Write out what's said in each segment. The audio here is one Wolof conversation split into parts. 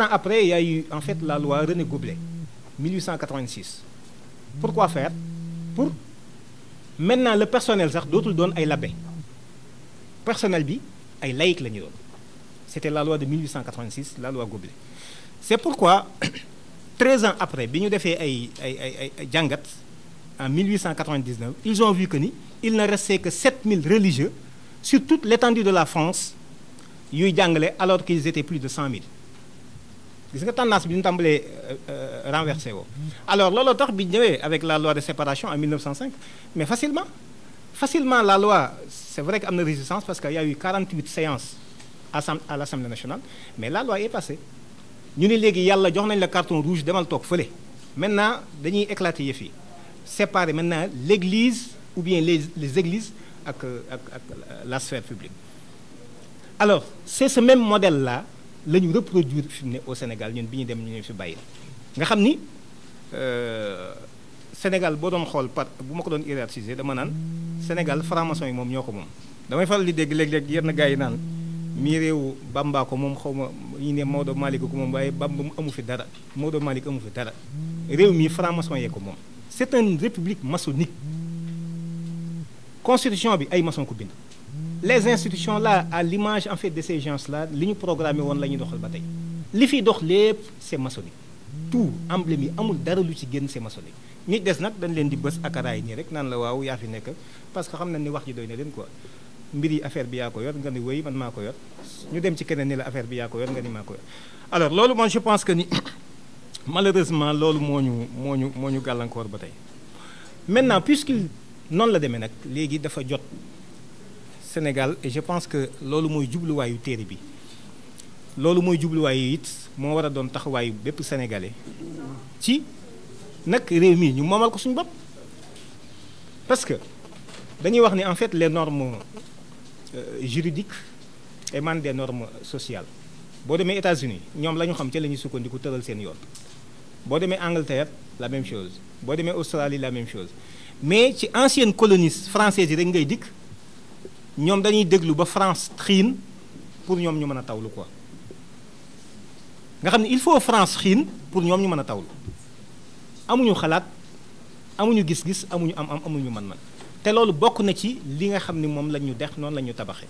après, il y eu en fait la loi René Goblet, 1886. Pourquoi faire Pour maintenant le personnel sax dootul doon ay labbe personnel bi ay laïc la ñu doon c'était la loi de 1886 la loi Goblet. c'est pourquoi 13 ans après bi ñu defee ay ay ay ay jàngat en 1899 ils ont vu que ni il ne restait que mille religieux sur toute l'étendue de la France yuy jàngale alors qu'ils étaient plus de 100 000. gis nga tendance bi ñu tàmbalee euh, euh, renversé woo alors looloo tax bi ñëwee avec la loi de séparation en 1905 mais facilement facilement la loi c'est vrai que am parce que y a eu 48 séances à l'Assemblée nationale mais la loi est passée ñu ne léegi yàlla jox nañ la carton rouge demal toog fële maintenant dañuy éclater yëf yi séparer maintenant l'église ou bien les les églises ak euh, ak ak la sphère publique alors c'est ce la ñu reproduire fi mu ne au Sénégal ñun bi ñu dem ñu fi bàyyi nga xam ni euh, Sénégal boo doon xool par bu ma ko doon hiérarchiser dama naan Sénégal franc-maçon yi moom ñoo ko moom. damay faral di dégg léeg-léeg yenn gars yi naan mii réew Bamba ko moom xaw ma ñi ne Maodo Malick ko moom waaye Bamba mu amu fi dara Maodo Malick amu fi dara réew mii franc-maçon yee ko moom. c'est une république maçonnique constitution bi ay maçon ko bind. les institutions là à l'image en fait de ces gens li ñu programmé woon la ñuy doxal ba tey li fiy dox lépp c'est maçonnique tout emblème yi amul dara lu ci génn c'est maçonnique ñi des nag dañ leen di bës akaraay nii rek naan la waaw yaa fi nekk parce que xam na ni wax ji doy na leen ko mbir yi affaire bi yaa ko yor nga ni wéy man maa ko yor ñu dem ci keneen ni la affaire bi yaa ko yor nga ni maa ko yor alors loolu man je pense que malheureusement loolu moo ñu moo ñu moo ñu gàllankoor ba tey maintenant noonu la demee nag léegi dafa jot Sénégal je pense que loolu mooy jubluwaayu téere bi loolu mooy jubluwaayu it moo war a doon taxawaayu bépp sénégalais ci nag réew mii ñu moomal ko suñu bopp parce que dañuy wax ni en fait les normes euh, juridiques man des normes sociales boo demee États-Unis ñoom la ñu xam ca la ñuy sukkandiku tëral seen yoon boo demee Angleterre la même chose boo demee Australie la même chose mais ci anciennes colonies françaises yi rek ngay dikk ñoom dañuy déglu ba France xiin pour ñoom ñu mën a tawlu quoi nga xam ne il faut France xiin pour ñoom ñu mën a tawlu amuñu xalaat amuñu gis-gis amuñu am-am amuñu man-man te loolu bokk na ci li nga xam ni moom la ñu dex noonu la ñu tabaxee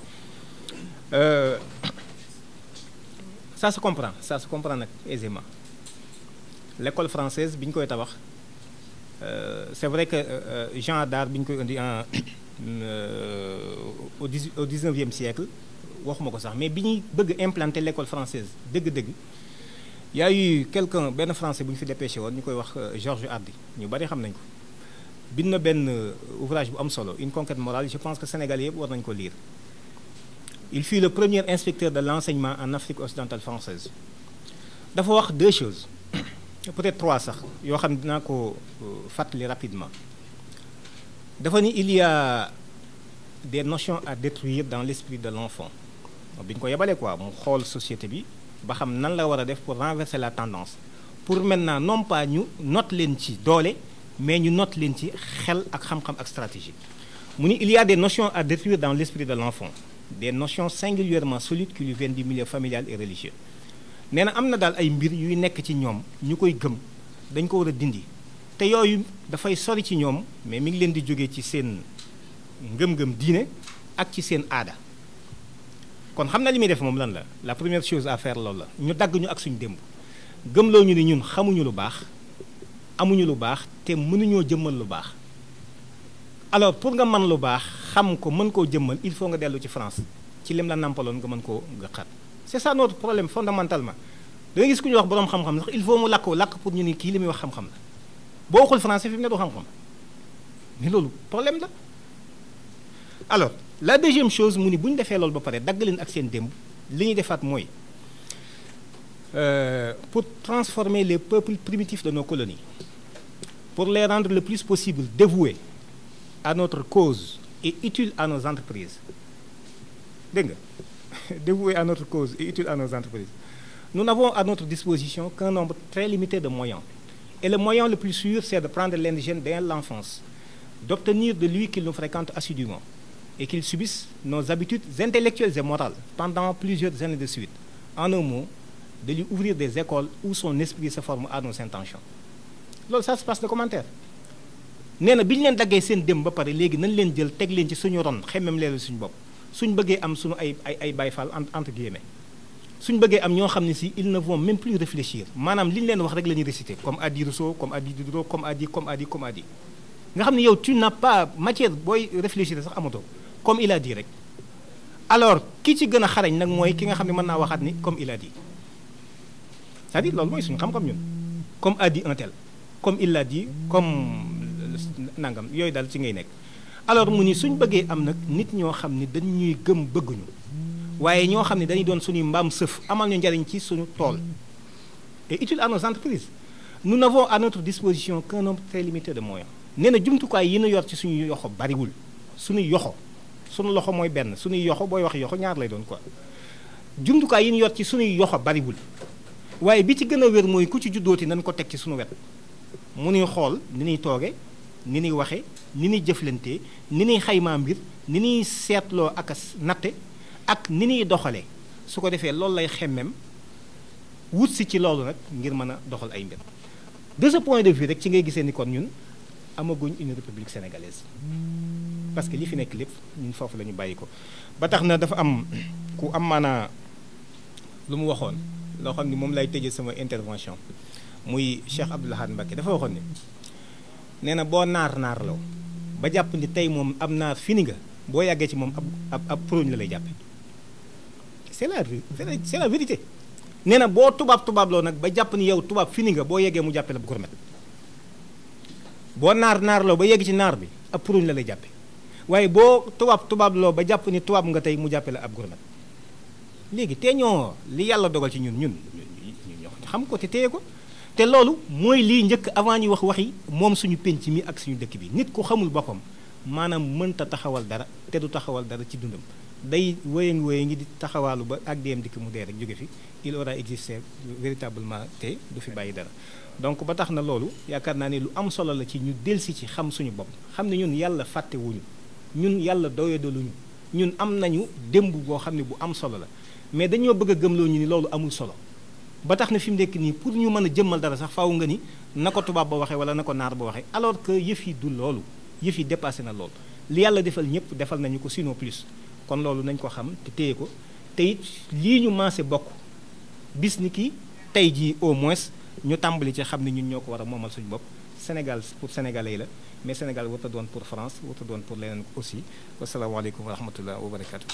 euh, ça se comprend ça se comprend nag aisément l'école française bi ñu koy tabax euh, c'est vrai que euh, Jean Dard bi ñu koy indi en. Euh, au dix au dix-neuvième siècle waxuma ko sax mais bi ñuy bëgg implanter l'école française dëgg-dëgg yaa a eu quelqu'un benn français bu ñu fi dépêché woon ñu koy wax euh, Georges Hardy ñu bari xam nañ ko bi na benn euh, ouvrage bu am solo une conquête morale je pense que sénégalais yëpp war nañ ko liir il fut le premier inspecteur de l'enseignement en Afrique occidentale française dafa wax deux choses peut-être trois sax yoo xam ne dinaa ko fàttali rapidement dafa ni il y a des notions à détruire dans l'esprit de l'enfant bi ñu ko yebalee quoi mu xool société bi ba xam nan la war a def pour renverser la tendance pour maintenant non pas ñu note leen ci doole mais ñu note leen ci xel ak xam-xam ak stratégie mu ni il y a des notions à détruire dans l'esprit de l'enfant des notions singulièrement solides qui lui viennent du milieu familial et religieux nee na am na daal ay mbir yuy nekk ci ñoom ñu koy gëm dañ ko war a dindi te yooyu dafay sori ci ñoom mais mi ngi leen di jóge ci seen ngëm-ngëm diine ak ci seen aada kon xam na li muy def moom lan la la première chose à faire loolu la ñu dagg ñu ak suñu démb gëmloo ñu ni ñun xamuñu lu baax amuñu lu baax te mënuñoo jëmmal lu baax alors pour nga mën lu baax xam ko mën koo jëmmal il faut nga dellu ci France ci lim la nàmpaloon nga mën koo gëqat c'est ça notre problème fondamentalement da nga gis ku ñu wax boroom xam-xam la boo waxul français fi mu ne du xam-xam mais loolu problème la alors la deuxième chose mu ni bu ñu defee loolu ba pare dagg leen ak seen démb li ñuy defaat mooy euh, pour transformer les peuples primitifs de nos colonies pour les rendre le plus possible dévoués à notre cause et utiles à nos entreprises dégg nga dévoués à notre cause et utiles à nos entreprises nous n'avons à notre disposition qu'un nombre très limité de moyens Et le moyen le plus sûr, c'est de prendre l'indigène dès l'enfance, d'obtenir de lui qu'il nous fréquente assidûment et qu'il subisse nos habitudes intellectuelles et morales pendant plusieurs années de suite. En un mot, de lui ouvrir des écoles où son esprit se forme à nos intentions. loolu ça se passe de commentaire nee na bi ñu leen daggee seen dem ba pare léegi nañ leen jël teg leen ci suñu ron xemmem leelu suñu bopp suñ bëggee am su ay ay ay bayfal entre guillemets suñ bëggee am ñoo xam ne si ils ne vont même plus réfléchir maanaam li ñu leen wax rek la réciter comme a dit Rousseau comme a dit comme a dit comme a dit comme nga xam ne yow tu n'as pas booy réfléchir sax amatoo comme il rek alors ki ci gën a xarañ nag mooy ki nga xam ne mën naa waxaat ni comme il a dit cest mooy suñu xam-xam ñun comme a dit un tel comme il l'a comme nangam yooyu daal ci ngay nekk alors mu ni suñ bëggee am nag nit ñoo xam ne dañ ñuy gëm bëgguñu waaye ñoo xam ne dañuy doon suñuy mbaam sëf amal ñu njariñ ci suñu tool et utile à nos entreprises nous disposition qu'un nombre très limité de moyens nee jumtukaay yi nu yor ci suñu yoxo bariwul suñuy yoxo suñu loxo mooy benn suñuy yoxo booy wax yoxo ñaar lay doon quoi jumtukaay yi ñu yor ci suñuy yoxo bariwul waaye bi ci gën a wér mooy ku ci juddooti nañ ko teg ci suñu wet mu nuy xool ni ñuy tooge ni ñuy waxe ni ñuy jëflante ni ñuy xaymaa mbir ni ñuy seetloo ak natte ak ni ñuy doxalee su ko defee loolu lay xemmem wut si ci loolu nag ngir mën a doxal ay mbir de ce point de vie rek ci ngay gisee ni kon ñun amaguñ une république sénégalaise parce que li fi nekk lépp ñun foofu la ñu bàyyi ko ba tax na dafa am ku am maanaa lu mu waxoon loo xam ni moom lay tëje sama intervention muy Cheikh Abdoul Ahad Mbacké dafa waxoon ni nee na boo naar naar law ba jàpp ni tey moom am naar fini nga boo yàggee ci moom ab ab ab proñ la lay jàppe c'est la c'est la vérité nee na boo tubaab tubaabloo nag ba jàpp ni yow tubaab ni nga boo yeggee mu jàppee la bu kormet boo naar naar loo ba yegg ci naar bi ab puruñ la lay jàppe waaye boo tubaab tubaabloo ba jàpp ni tubaab nga tey mu jàppee la ab gormet léegi te ñoo li yàlla dogal ci ñun ñun ñoo xam ko te téye ko te loolu mooy lii njëkk avant ñu wax waxi moom suñu penc mi ak suñu dëkk bi nit ku xamul boppam maanaam mënta taxawal dara te du taxawal dara ci dundam day wéyangi ngi di taxawaalu ba ak dem dikk mu dee rek jóge fi il aura existé véritablement te du fi bàyyi dara donc ba tax na loolu yaakaar naa ne lu am solo la ci ñu delsi ci xam suñu bopp xam ne ñun yàlla fàttewuñu ñun yàlla doyadaluñu ñun am nañu démb boo xam ne bu am solo la mais dañoo bëgg a gëmloo ñu ni loolu amul solo ba tax na fi mu nekk nii pour ñu mën a jëmmal dara sax faw nga ni na ko tubaab ba waxee wala na ko naar ba waxee alors que yëf yi du loolu yëf yi dépassé na loolu li yàlla defal ñëpp defal nañu ko sinon plus kon loolu nañ ko xam te téye ko te it lii ñu maase bokk bis nit ki tey jii au moins ñu tàmbali ci xam ni ñun ñoo ko war moomal suñu bopp Sénégal pour sénégalais la mais Sénégal warut doon pour France warut doon pour leneen aussi wasalaamaaleykum wa rahmatullah wa barakaatu.